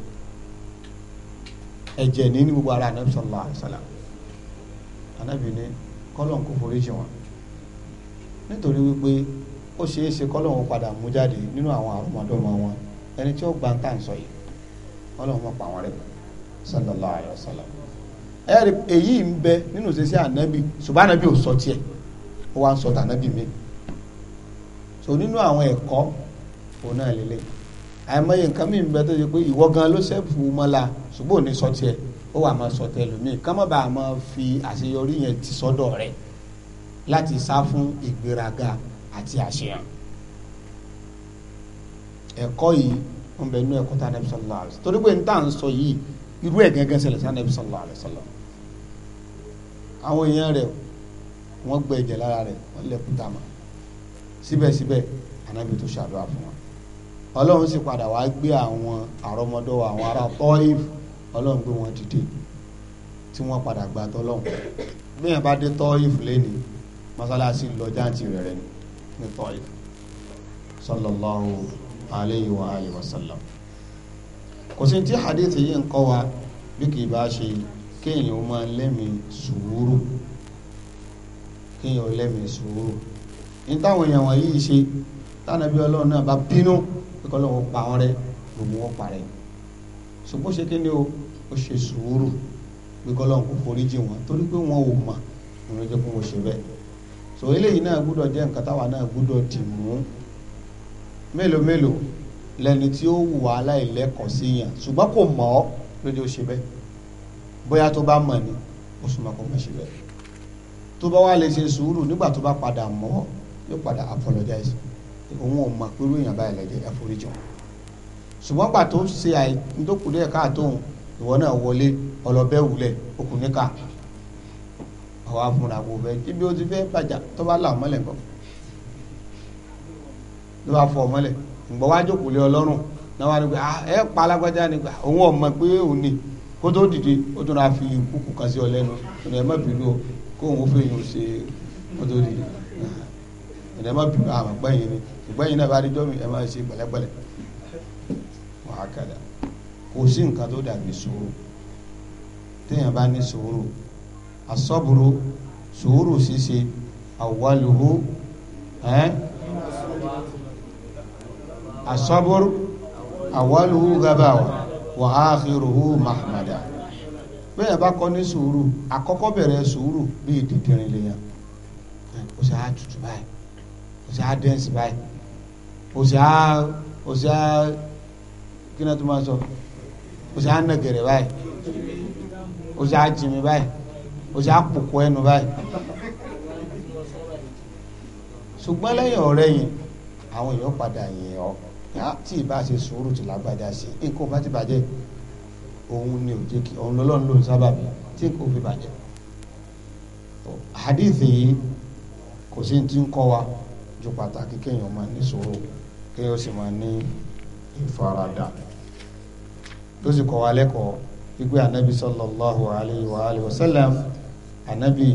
ẹ̀jẹ̀ ní ní gbogbo ara anabi sallallahu alayhi wa sallam anabi ní kọ́lọ́n kó foríjì wọn nítorí wípé ó ṣeé ṣe kọ́lọ́n ó padà mú jáde nínú àwọn àrùmọ̀dọ́mọ wọn ẹni tí ó gba tá à ń sọ yìí ọlọ́run mọ̀ pa wọn rẹ̀ sallallahu alayhi wa sallam ẹ̀rí èyí ń bẹ nínú ìṣesí ànábì ṣùgbọ́n ànábì ò sọ tiẹ̀ ó wá ń sọ tànábì mi so nínú àwọn ẹ̀kọ́ òun náà lélẹ̀ àìmọye nǹkan mi ń bẹ tó ṣe pé ìwọ gan ló ṣẹ́fù mọ́la ṣùgbọ́n ò ní sọ tiẹ̀ ó wà máa sọ tẹlómi kán má bàa máa fi àṣeyọrí yẹn ti sọ́dọ̀ rẹ̀ láti sá fún ìgbéraga àti àṣeyàn ẹ̀kọ́ yìí ń bẹ nínú ẹ̀kọ́ tá a nẹbi sọlọ àlẹ torí pé n tá à ń sọ yìí irú ẹ̀ gẹ́gẹ́ ṣẹlẹ̀ sí anabi sọlọ àlẹ sọlọ àwọn èèyàn rẹ̀ wọ́n gbẹ ẹ̀jẹ̀ lára rẹ̀ wọ́n lè kúta mọ́ síbẹ̀síbẹ̀ anabi tó ṣàdúrà fún wọn ọlọ́run sì padà wá gbé àwọn àrọ́mọdọ́wọ́ àwọn ará tọ́ìfù ọlọ́run gbé wọn dìde tí wọ́n padà gba tọ́lọ́run bí yẹn bá dé Tọ́ìf lẹ́ni mọ́sálásí lọ jáǹtì rẹ̀ rẹ̀ ní Tọ́ìf sallallahu alayhi wa alayhi wa sallam kò sí tí hadithi yìí ń kọ́ wa bí kì í bá ṣe kéèyàn ó máa lẹ́mìí sùúrù kéèyàn ó lẹ́mìí sùúrù ní táwọn èèyàn wọ̀nyí ṣe tánàbí ọlọ́run náà bá bínú pé kọ́lọ́run pa wọn rẹ́ gbogbo wọn parẹ́ yìí ṣùgbọ́n ṣe kíni o ó ṣe sùúrù pé kọ́lọ́n kò foríjì wọn torí pé wọn ò mà ìrìn jẹ́ kó wọn ṣe bẹ́ẹ̀ so eléyìí náà gbúdọ̀ jẹ́ nǹkan táwa náà gbúdọ̀ dì mú mélòó mélòó lẹni tí ó wù wá aláìlẹ́kọ̀ọ́ sí yàn ṣùgbọ́n kò mọ̀ ọ́ lóde ó ṣe bẹ́ẹ̀ bóyá tó bá mọ̀ ni ó súnmọ́ kó má ṣe bẹ́ẹ̀ tó bá wá lè ṣe sùúrù nígbà tó bá padà mọ̀ yóò padà apologize òun ò mọ̀ pé irú èèyàn báyìí lẹ́jẹ̀ ẹ foríjì ṣùgbọ́n gbà tó ṣe àìkú ndị kù díẹ̀ káàtóhùn ìwọ náà wọlé ọlọ́bẹ̀ wulẹ̀ okùn níka àwa fúnra kò ibi ó ti fẹ́ bàjá tó bá là ọ mọ́lẹ̀ ló bá fọ ìgbọ́ wá ọlọ́run náà ní pé ah, ẹ pa alágbájá ni òun ọmọ pé òun ni kó tó dìde ó tún fi kúkú kan sí ọ lẹ́nu ọ̀nà ẹ̀ kó òun hakada kò sí nǹkan tó dàbí sùúrù téèyàn bá ní sùúrù asọ́bùrù sùúrù ṣíṣe àwàlùhù ẹ́ asọ́bùrù àwàlùhù gabawa wà áàkìrùhù mahamada bẹ́ẹ̀ bá kọ́ ní sùúrù àkọ́kọ́ bẹ̀rẹ̀ sùúrù bíi dìdìrín lèèyàn ó sì á tutù báyìí ó sì á dẹ́nsì báyìí ó sì á ó sì á kí náà tó máa sọ o sì á nà gẹ̀rẹ̀ báyìí o sì á jìmì báyìí o sì á pòkó ẹnu báyìí ṣùgbọ́n lẹ́yìn ọ̀rẹ́ yẹn àwọn èèyàn padà yìn ọ́ tí ì bá ṣe sùúrù tí lágbájá ṣe nǹkan bá ti bàjẹ́ òun ni ò jẹ́ kí ọ̀hún lọ́lọ́run ló ń sábàbí tí nǹkan ò fi bàjẹ́ hadith yìí kò sí ti ń kọ́ wa ju pàtàkì kéèyàn máa ní sùúrù kéèyàn sì máa ní ìfaradà. tó sì kọ́ wa lẹ́kọ̀ọ́ wípé anabi sallallahu alayhi wa alayhi wa sallam anabi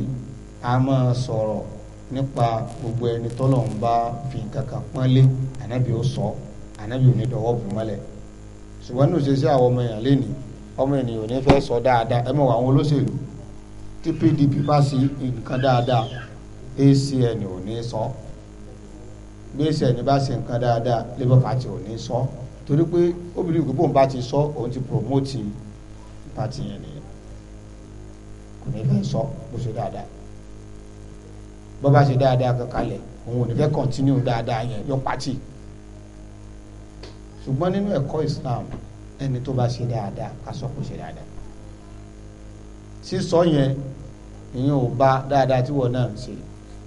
a máa sọ̀rọ̀ nípa gbogbo ẹni tọ́lọ̀ ń bá fi kankan pọ́nlé anabi ó sọ anabi ò ní dọwọ́ bù mọ́lẹ̀ ṣùgbọ́n ní òṣèṣẹ́ àwọn ọmọ èèyàn lénìí ọmọ ènìyàn ò ní fẹ́ sọ dáadáa ẹ mọ̀ àwọn olóṣèlú tí PDP bá sí nǹkan dáadáa ACN ò sọ bí ACN bá sí nǹkan dáadáa Labour Party ò ní sọ. torí pé obìnrin ìgbé bóun bá ti sọ òun ti promote pati yẹn nìyẹn kò ní fẹ́ sọ bó ṣe dáadáa bó bá ṣe dáadáa kankanlẹ̀ òun ò ní fẹ́ continue dáadáa yẹn yọ party ṣùgbọ́n nínú ẹ̀kọ́ Islam ẹni tó bá ṣe dáadáa ká sọ kó ṣe dáadáa sísọ yẹn ìyẹn ò bá dáadáa tí wọn náà ń ṣe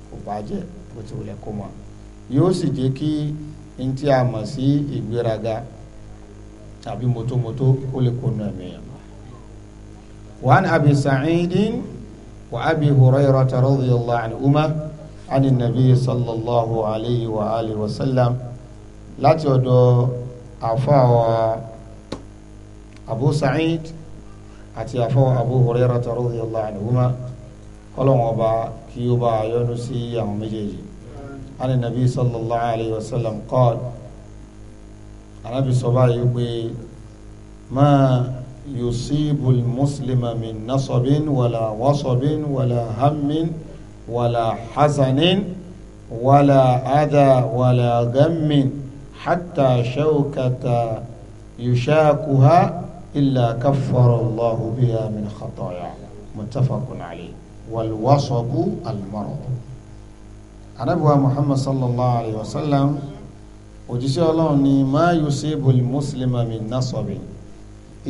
kò bá jẹ bó ti wulẹ̀ kó mọ yóò sì jẹ́ kí ń tí a mọ̀ sí ìgbéraga tàbí mọ́tòmọ́tò ó lè kó nù ẹ̀mí yẹn. وعن أبي سعيد وأبي هريرة رضي الله عنهما عن النبي صلى الله عليه وآله وسلم لا تودو عفا أبو سعيد أتي عفا أبو هريرة رضي الله عنهما قالوا أبا كيوبا يونسي يوم جيجي عن النبي صلى الله عليه وسلم قال عن صلى الله عليه ما يصيب المسلم من نصب ولا وصب ولا هم ولا حزن ولا أذى ولا غم حتى شوكة يشاكها إلا كفر الله بها من خطايا متفق عليه والوصب المرض anabiwa muhammad sallallahu alayhi wa sallam òjíṣẹ́ ọlọ́run ni ma yusibul muslima min nasọ̀bì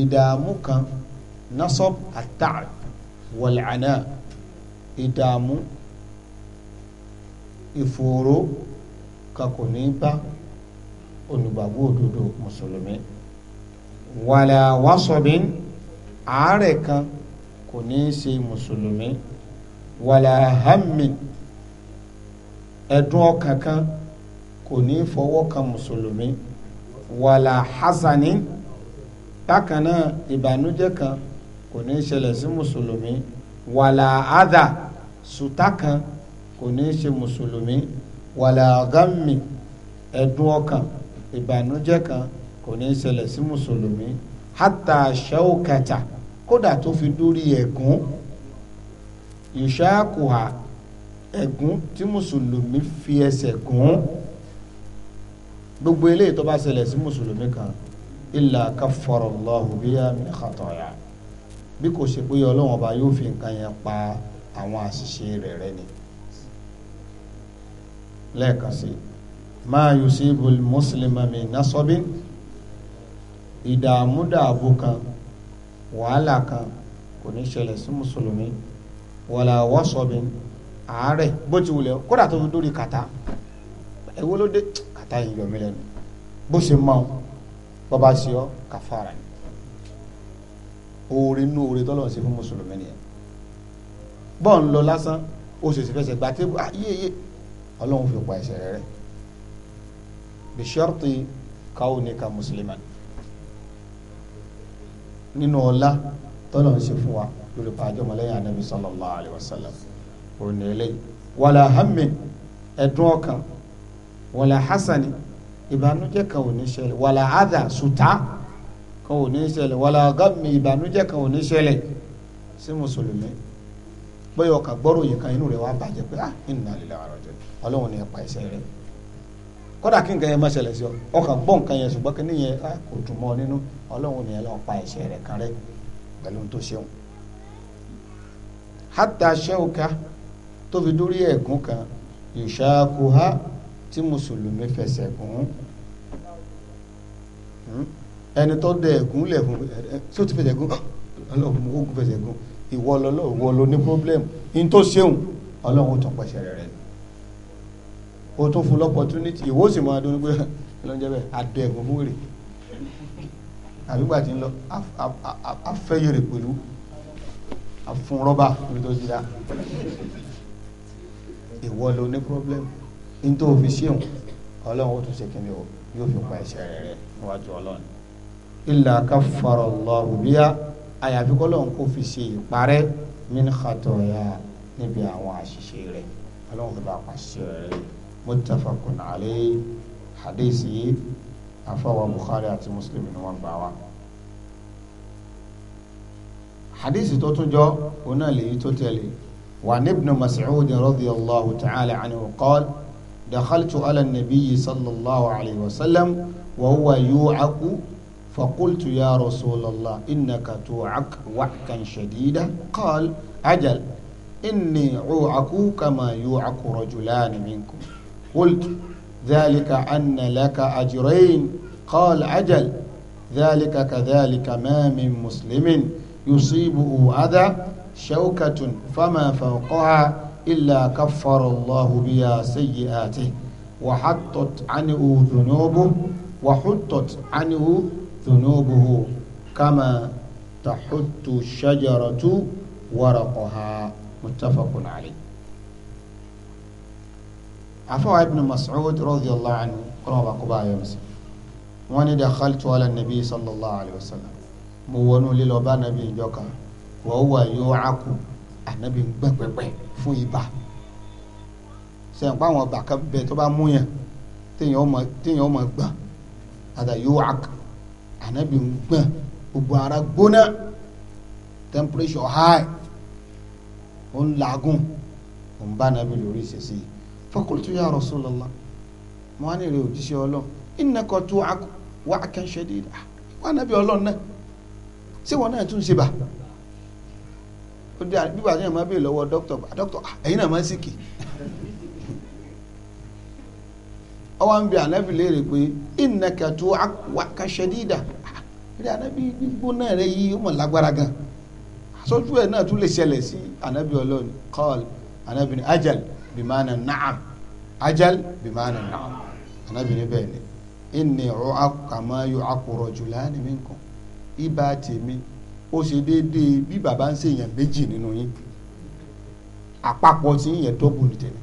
ìdààmú kan nasọ̀b at-ta'ab wal-'ana ìdààmú ìfòòró kan kò ní bá olùgbàgbọ́ òdodo mùsùlùmí wàlà wàsọ̀bì àárẹ̀ kan kò ní í ṣe mùsùlùmí wàlà hàmì ẹ̀dùn ọkàn kan kò ní fọwọ́ kan mùsùlùmí wàlà hasani bákan náà ìbànújẹ́ kan kò ní ṣẹlẹ̀ sí mùsùlùmí wàlà adà sùtá kan kò ní ṣe mùsùlùmí wàlà gàmmi ẹ̀dùn ọkàn ìbànújẹ́ kan kò ní ṣẹlẹ̀ sí mùsùlùmí hátà ṣẹ́wó kẹta kódà tó fi dórí ẹ̀gún ìṣáàkùhà ẹ̀gún tí mùsùlùmí fi ẹsẹ̀ gún gbogbo eléyìí tó bá ṣẹlẹ̀ sí mùsùlùmí kan illa kaffarallahu biha min khataya bí kò ṣe pé ọlọ́run ọba yóò fi nǹkan yẹn pa àwọn àṣìṣe rẹ̀ rẹ́ ni lẹ́ẹ̀kan sí ma yusibul muslima min nasabin ìdààmú dààbò kan wàhálà kan kò ní ṣẹlẹ̀ sí mùsùlùmí wala wasabin àárẹ̀ bó ti wulẹ̀ kódà tó fi dórí kàtá ẹ̀wọ́ ló dé kàtá yìí yọ mí lẹ́nu bó ṣe mọ́ bàbá ṣe ọ́ kàfàrà ni oore inú oore tọ́lọ̀ ṣe fún mùsùlùmí nìyẹn bọ́ ń lọ lásán o sì fẹsẹ̀ gba tébù ayéyé ah, ọlọ́run fi pa ẹ̀ṣẹ̀ rẹ̀ rẹ́ bí sharti kaunika musliman nínú ọlá tọ́lọ̀ ń ṣe fún wa lórí pàjọ́ anabi sallallahu alayhi wa sallam òní eléyìí wàlà hami ẹ̀dùn ọkàn wàlà hasani ìbànújẹ́ kan ò ní ṣẹlẹ̀ wàlà adà sùtá kan ò ní ṣẹlẹ̀ wàlà gàmì ìbànújẹ́ kan ò ní ṣẹlẹ̀ sí mùsùlùmí bóyá ọkà gbọ́rọ̀ yìí kan inú rẹ̀ wá bàjẹ́ pé ah inna lillahi wa inna ọlọ́run ni ẹ̀pa ẹ̀sẹ̀ rẹ̀ kódà kí nǹkan yẹn má ṣẹlẹ̀ sí ọ ọkà gbọ́ nǹkan yẹn ṣùgbọ́n kí nìyẹn ah, kò dùn mọ́ nínú ọlọ́run ni ẹ̀lọ́ pa ẹ̀sẹ̀ rẹ̀ kan rẹ̀ pẹ̀lú tó ṣeun. hatta ṣẹ́wó ká tó fi dórí ẹ̀gún kan ìṣàkóhá tí mùsùlùmí fẹsẹ̀ gún hmm? ẹni tó dẹ ẹ̀gún lẹ̀kún tí ó ti fẹsẹ̀ gún ọlọ́run ó fẹsẹ̀ gún ìwọ lọ́lọ́ ìwọ ló ní problem in tó ṣeun ọlọ́run ó tàn pẹ̀sẹ̀ rẹ̀ rẹ̀ ó tún fún l'opportunity ìwọ sì máa dún pé ẹlọ́njẹ́ bẹ́ẹ̀ adẹ ẹ̀gún fún wèrè àbígbà tí ń lọ afẹ́yẹrẹ pẹ̀lú afun rọ́bà níbi tó ti dá ìwọ ló ní problem n tó fi ṣéun ọlọ́run ó tún ṣe kíni o yóò fi pa ẹ̀ṣẹ̀ rẹ̀ rẹ̀ níwájú ọlọ́run illa kaffara Allahu biha àyàfi kọ́lọ́run kó fi ṣe ìparẹ́ min khatoya níbi àwọn àṣìṣe rẹ̀ ọlọ́run fi bá pa àṣìṣe rẹ̀ rẹ̀ muttafaqun alayhi hadisi yìí afawa àti Muslim ni wọ́n gbà wá hadisi tó tún jọ òun náà lèyí tó tẹ̀lé وعن ابن مسعود رضي الله تعالى عنه قال دخلت على النبي صلى الله عليه وسلم وهو يوعك فقلت يا رسول الله إنك توعك وعكا شديدا قال أجل إني أوعك كما يوعك رجلان منكم قلت ذلك أن لك أجرين قال أجل ذلك كذلك ما من مسلم يصيبه أذى شوكة فما فوقها إلا كفر الله بها سيئاته وحطت عنه ذنوبه وحطت عنه ذنوبه كما تحط الشجرة ورقها متفق عليه عفوا ابن مسعود رضي الله عنه قرابة قباء يمسك وأنا دخلت على النبي صلى الله عليه وسلم مو ونولي لبا نبي جوكا wọ́n wà yóò ákù ànábì ń gbẹ́ pẹ́pẹ́ fún ibà sẹ́yìn pa àwọn ọba kan bẹ tó bá mú yàn téèyàn ọmọ téèyàn ọmọ gbọ́n àtà yóò ákù ànábì ń gbọ́n gbogbo ara gbóná temperature high ó ń làágùn ó ń bá ànábì lórí ìṣesí fakultu ya Rasulullah wọn á ní èrè òjíṣẹ́ ọlọ́ ìnàkọ̀ tó wà kẹ́ńṣẹ́ dé ìwà ànábì ọlọ́ọ̀ náà ṣé wọn náà tún ṣe bá ó dé bíbá sẹ́yìn máa béèrè lọ́wọ́ dókítà dókítà ah, ẹ̀yin náà máa sì kì ọwọ́ ń bi ànábì léèrè pé ìnàkà tó wákàṣẹ́ dídà rí ànábì gbígbóná rẹ yìí ó mọ̀ lágbára gan aṣojú ẹ̀ náà tún lè ṣẹlẹ̀ sí ànábì ọlọ́run kọ́ọ̀lù ànábì ní ajal bimana naam ajal bimana naam ànábì ní bẹ́ẹ̀ ni ìnìrọ̀ àkàmáyò àkùrọ̀ jùlá ni mí nǹkan ibà tèmi ó ṣe déédéé bí bàbá ń ṣe èèyàn méjì nínú yín àpapọ̀ tí yẹn dọ́bù ní tẹ̀lé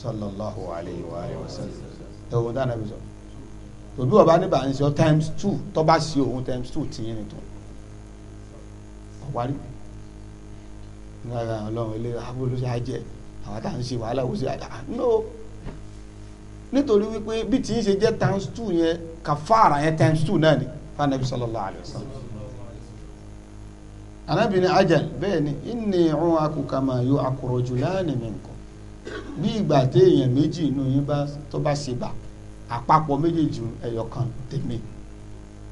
sallallahu alayhi wa alayhi wa sallam ẹ̀wọ̀n dáná bí sọ tòbí ọba ní bàá ń sọ times two tọ́ba sí òun times two tìyẹn nìtàn ọ̀wárí nígbà ọlọ́run ilé abúlé ló ṣe àjẹ àwọn àtàwọn ṣe wàhálà wò sí àdá no nítorí wípé bí tí ń ṣe jẹ́ times two yẹn kàfàrà yẹn times two náà ni fanabi sallallahu alayhi wa anábìíní ajal bẹ́ẹ̀ ni inni ìrún akùkàmà yóò akùrọ̀jù láàánì mi nǹkan bí ìgbà téèyàn méjì inú yín bá tó bá ṣe bà àpapọ̀ méjèèjì ẹ̀yọ̀ kan tèmi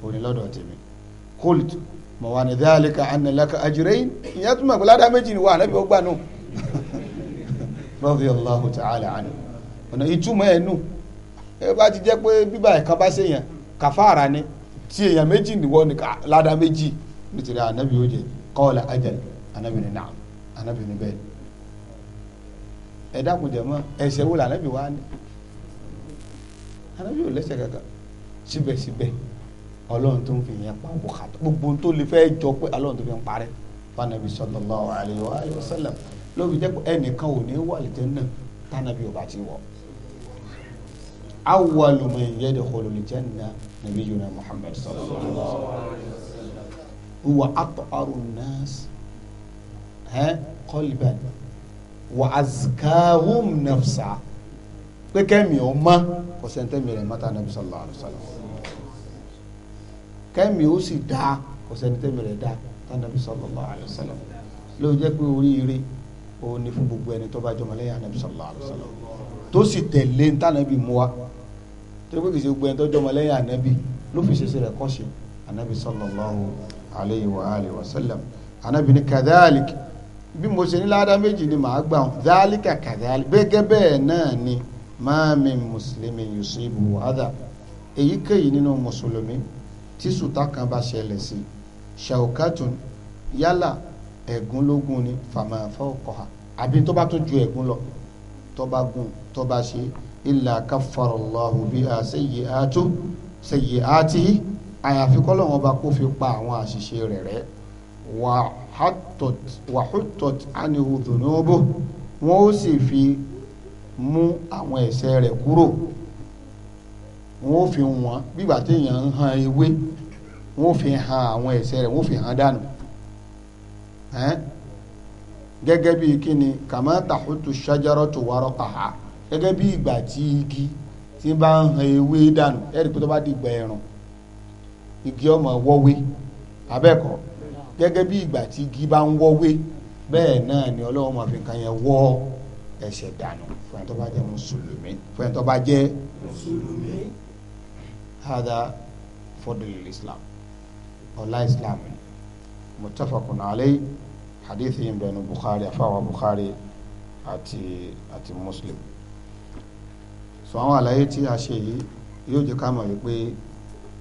òní lọ́dọ̀ tèmi kóòlù mo wà ní dáàlíkà ànàlákà àjùrẹ́yìn ìyẹn túmọ̀ pé ládàá méjì ni wà ànábì ó gbà nù (laughs) radiyallahu ta'ala anhu ọ̀nà ìtumọ̀ ẹ̀ nù ẹ bá ti jẹ́ pé bíbá ẹ̀kan bá ṣèyàn kàfàrà ni tí èèyàn méjì nìwọ ni ah, ládàá méjì nítorí ànábì ó jẹ̀bi kọ́ọ̀lá ajal anabi ni naam anabi ni bẹ́ẹ̀ ẹ dákun jẹ mọ ẹsẹ wo la anabi wa ni anabi yóò lẹ́sẹ̀ kankan síbẹ̀síbẹ̀ ọlọ́run tó ń fi yẹn pa bùkátà gbogbo tó lè fẹ́ jọ pé ọlọ́run tó fi ń parẹ́ fanabi sallallahu alayhi wa alayhi wa sallam lóbi jẹ́ pé ẹnìkan ò ní wà lẹ́tẹ̀ náà tànàbí ò bá ti wọ̀ awwalu man yadkhulul janna nabiyuna muhammad sallallahu alayhi wa sallam huwa at'aru an-nas ẹ qalban نفسا كم nafsa pé kẹ́mi ò mọ́ kò sẹ́ńtẹ́mi rẹ̀ mọ́ta nàbí sallallahu alaihi wasallam kẹ́mi ó sì dáa kò sẹ́ńtẹ́mi rẹ̀ dáa tánàbí sallallahu alaihi wasallam ló jẹ́ pé oríire ó ní fún gbogbo ẹni tó bá jọmọ lẹ́yìn ànàbí sallallahu alaihi wasallam tó sì tẹ̀lé ntànàbí mu wa tó pé kìí ṣe gbogbo ẹni tó jọmọ lẹ́yìn ànàbí ló fi ṣe ṣe rẹ̀ kọ́ sí ànàbí sallallahu alayhi wa alayhi wa sallam anabi ni kadhalik bí mo ṣe ní ládàá méjì ni màá gbà wọn dhalika kadhalik gẹ́gẹ́ bẹ́ẹ̀ náà ni ma min mùsùlùmí yusibu wàhádà èyíkéyìí nínú mùsùlùmí tí sùtá kan bá ṣẹlẹ̀ sí ṣàwùkátùn yálà ẹ̀gún lógún ni fàmà fọ́ọ̀kọ̀ha àbí tó bá tún ju ẹ̀gún lọ tó bá gún tó bá ṣe illa kafarallahu biha sayyi'atu sayyi'atihi àyàfi kọ́lọ́hún ọba kó fi pa àwọn àṣìṣe rẹ̀ rẹ́ wàhútọ̀t ánìhùtò ní ó bó wọ́n ó sì fi mú àwọn ẹ̀ṣẹ̀ rẹ̀ kúrò wọ́n ó fi wọ́n bígbà téèyàn ń han ewé wọ́n ó fi han àwọn ẹ̀ṣẹ̀ rẹ̀ wọ́n ó fi han dànù gẹ́gẹ́ bí kíni kàmá tàhútù ṣájárọ́ tó wárọ́ pàhá gẹ́gẹ́ bí ìgbà tí igi ti bá ń han ewé dànù ẹ̀rí bá dìgbà ẹ̀rùn igi ọmọ wọ́wé abẹ́kọ̀ gẹ́gẹ́ bí ìgbà tí igi bá ń wọ́wé bẹ́ẹ̀ náà ni ọlọ́run máa fi nǹkan yẹn wọ́ ẹ̀ṣẹ̀ dànù fún ẹ̀ tó bá jẹ́ mùsùlùmí fún ẹ̀ tó bá jẹ́ mùsùlùmí. hada fọdùlù islam ọlá islam mutafakuna alay hadithi yìí ń bukhari afáwa bukhari ati ati muslim. sọ àwọn àlàyé tí a ṣe yìí yóò jẹ́ ká mọ̀ wípé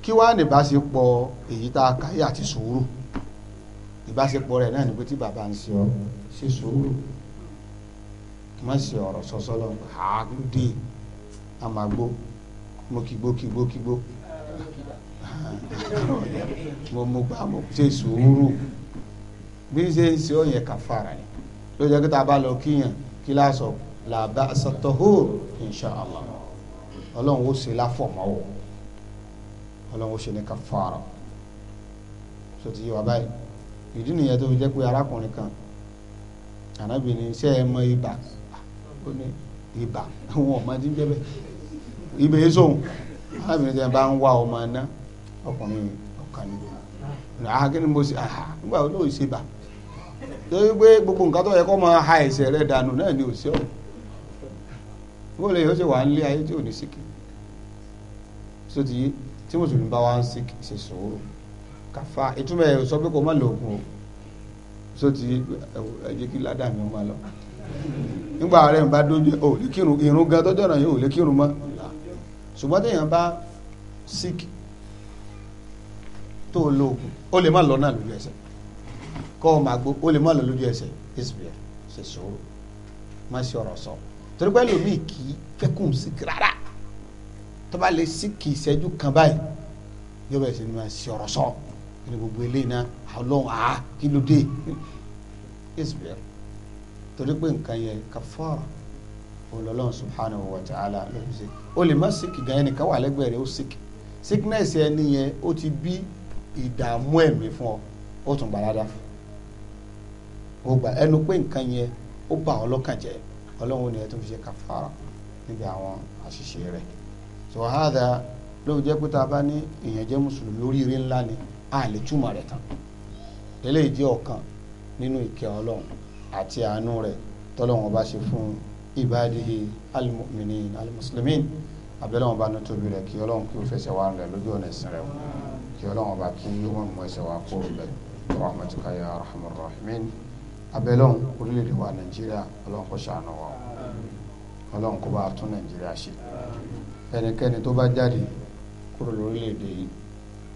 kí wá ní ìbáṣepọ̀ èyí tá a káyé àti sùúrù ìbáṣepọ̀ rẹ̀ náà ni pé tí bàbá ń ṣe ọ ṣe sùúrù kí má ṣe ọ̀rọ̀ sọ́sọ́ lọ àádúdé àmàgbó mo kígbó kígbó kígbó mo mo gbà mo ṣe sùúrù bí ṣe ń ṣe ọ̀yẹ̀ kàfàrà ni ló jẹ́ kí tá a bá lọ kíyàn kí láṣọ làbá sọtọ́hó inṣàlá ọlọ́run ó ṣe láfọ̀mọ́wọ́ ọlọ́run ó ṣe ní kàfàrà so ti yé wa báyìí ìdí nìyẹn tó fi jẹ́ pé arákùnrin kan ànábì ní iṣẹ́ ẹ mọ ibà ó ní ibà àwọn ọmọ ti ń jẹ́ bẹ́ẹ̀ ibà yìí sóhun ànábì ní sẹ́yìn bá ń wá ọmọ ẹ̀ ná ọkùnrin ọ̀kan níbi àhà kí ni mo ṣe àhà nígbà wo ló ṣe bà torí pé gbogbo nǹkan tó yẹ kó máa ha ẹsẹ̀ rẹ̀ dànù náà ni ò sí ọ̀hún wọ́n lè yọ ṣe wà ń lé ayé tí ò ní síkì sótìyé. So, tí mùsùlùmí bá wá ń sìk ṣe sùúrù káfa ìtumọ̀ ẹ̀ sọ pé kò má lo oògùn o so ti ẹ jẹ́ kí ládàá mi máa lọ nígbà rẹ̀ ń bá dójú ò lè kírun irun gan tọ́jọ́ náà yóò lè kírun mọ́ ṣùgbọ́n téèyàn bá sìk tó lo oògùn ó lè má lọ náà lójú ẹsẹ̀ kọ́ ọ máa gbó ó lè má lọ lójú ẹsẹ̀ ìsìbìyà ṣe sùúrù má ṣe ọ̀rọ̀ sọ torí lómi kì í kẹ́kùn sí rárá tó bá lè sí kì í ṣẹ́jú kan báyìí yóò bẹ̀rẹ̀ sí ni máa ṣe ọ̀rọ̀ sọ ẹni gbogbo eléyìí náà ọlọ́run àá kí ló dé isbir torí pé nǹkan yẹn kàfàrà olọ́lọ́run subhanahu wa ta'ala ló fi ṣe o lè má síkì gan ẹnìkan wà lẹ́gbẹ̀ẹ́ rẹ̀ ó síkì sickness ẹni yẹn ó ti bí ìdààmú ẹ̀mí fún ọ ó tún gbàládà fún o gbà ẹnu pé nǹkan yẹn ó bà ọ lọ́kàn jẹ́ ọlọ́run ni ẹ tó fi ṣe kàfàrà níbi àwọn àṣìṣe rẹ̀ so hadha ló jẹ́ pé tá a bá ní èèyàn jẹ́ mùsùlùmí oríire ńlá ni a lè túmọ̀ rẹ̀ tán eléyìí jẹ́ ọ̀kan nínú ìkẹ́ ọlọ́run àti àánú rẹ̀ tọ́lọ́run bá ṣe fún ibadihi almu'minin almuslimin abdulayi wọn bá ní tóbi rẹ̀ kí ọlọ́run kí o fẹsẹ̀ wá rẹ̀ lójú ọ̀nà ìsìn rẹ̀ kí ọlọ́run bá kí o mọ̀ ẹsẹ̀ wá kúrò bẹ̀ rahmatuka ya rahman rahimin orílẹ̀-èdè wa nàìjíríà ọlọ́run kó ṣàánú wa ọlọ́run kó bá tún nàìjíríà ṣe ẹnikẹ́ni tó bá jáde kúrò lórílẹ̀ yìí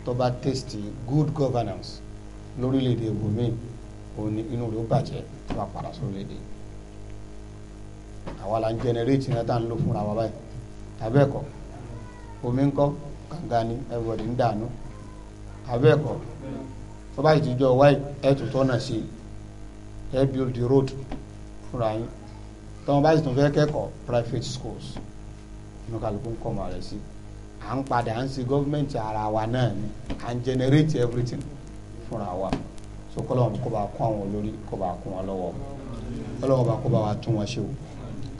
tó bá tẹ́sítì good governance lórílẹ̀‐èdè bùnmí òní inú rẹ̀ ó bàjẹ́ tó bá padà sórílẹ̀‐èdè àwa la ń jẹnẹrétì náà tá à ń lò fúnra wa báyìí abẹ́ẹ̀kọ́ omi ńkọ́ kànga ni everybody ń dànù abẹ́ẹ̀kọ́ tó bá yìí ti jọ wáyé ẹ̀ tó tọ́nà sí ẹ̀ build the road fúnra yín tọ́wọ́n bá yìí fẹ́ kẹ́kọ̀ọ́ private schools inú kálukú ń kọ̀mọ̀ rẹ̀ sí à ń padà à ń ṣe gọ́fíńmẹ̀ntì ara wa náà ni à ń generate everything fúnra wa so kọ́lọ́wọ́n kó bá kún àwọn olórí kó bá kún wọn lọ́wọ́ kọ́lọ́wọ́n bá kó bá wa tún wọn ṣe o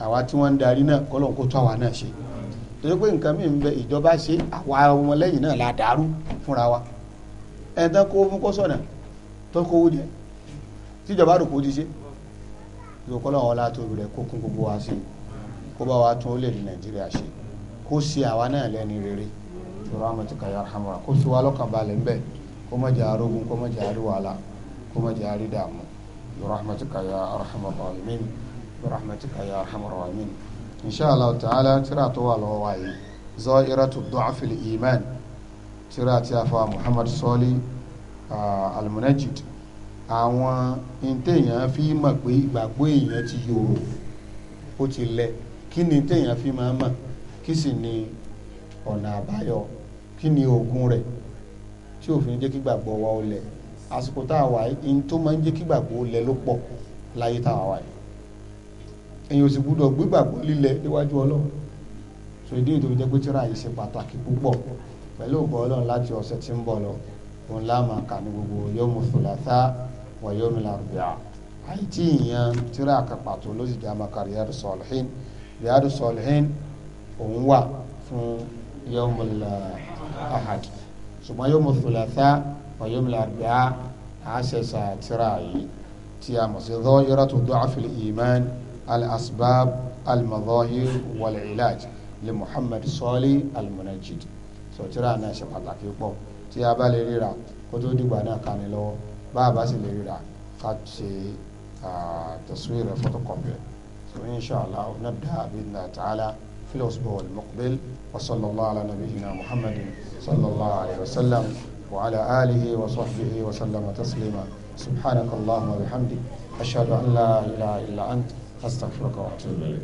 àwa tí wọ́n ń darí náà kọ́lọ́wọ́n kó tún àwa náà ṣe torí pé nǹkan mìíràn bẹ ìjọba ṣe àwa ọmọlẹ́yìn náà la dàrú fúnra wa ẹ̀ tán kó fún kó sọ̀nà tó kówó jẹ tíjọba rò kó ti ṣe ìṣòkọ́lọ́wọ́n ọlá tóbi rẹ̀ kó kún gbogbo wa sí i kó bá wa tún orílẹ̀-èdè nàìjíríà ṣe kó ṣe àwa náà lẹ́ni rere rahmatika ya arhamar kó fi wá lọ́kàn balẹ̀ ńbẹ̀ kó má jẹ́ arógun kó má jẹ́ àrí wàhálà kó má jẹ́ àrí dààmú rahmatika ya arhamar rahimin rahmatika ya arhamar rahimin inshallah ta'ala tírà tó wà lọ́wọ́ wa yìí zairatu du'afil iman tírà tí a fa muhammad sọ́lí almunajid àwọn ntẹ̀yàn fi mọ̀ pé ìgbàgbọ́ èèyàn ti yòrò ó ti lẹ̀ kí ni téèyàn fi máa mọ̀ kí sì ni ọ̀nà àbáyọ kí ni oògùn rẹ̀ tí òfin jẹ́ kí gbàgbọ́ wa ó lẹ̀ àsìkò tá a wà yìí tó máa ń jẹ́ kí gbàgbọ́ ó ló pọ̀ láyé tá a wà yìí ẹ̀yin ò sì gbúdọ̀ gbígbàgbọ́ lílẹ̀ níwájú ọlọ́run so ìdí ìdòwò jẹ́ pé tíra yìí ṣe pàtàkì púpọ̀ pẹ̀lú ògbọ́ ọlọ́run láti ọ̀sẹ̀ tí ń bọ̀ lọ òun láàmà kà ní gbogbo yọmù fòlàtà wà yọmù làrúbíà àìtí ìyẹn tíra kan pàtó ló sì jẹ́ àmàkàrí ẹ̀rọ sọ̀lẹ́hìn Riyadu Solihin òun wà fún yomul ahad ṣùgbọ́n yomul thulatha wa yomul arba'a àṣẹṣà tíra yìí tí a mọ̀ sí dhahiratu du'afil iman al-asbab al-madahir wal-ilaj li Muhammad Salih al-Munajjid sọ tíra náà ṣe pàtàkì pọ̀ tí a bá lè ríra kó tó dìgbà náà ká ní lọ́wọ́ bá a bá sì lè ríra ká ṣe taswira photocopy. وإن شاء الله نبدأ بإذن الله تعالى في الأسبوع المقبل وصلى الله على نبينا محمد صلى الله عليه وسلم وعلى آله وصحبه وسلم تسليما سبحانك اللهم وبحمدك أشهد أن لا إله إلا أنت أستغفرك وأتوب إليك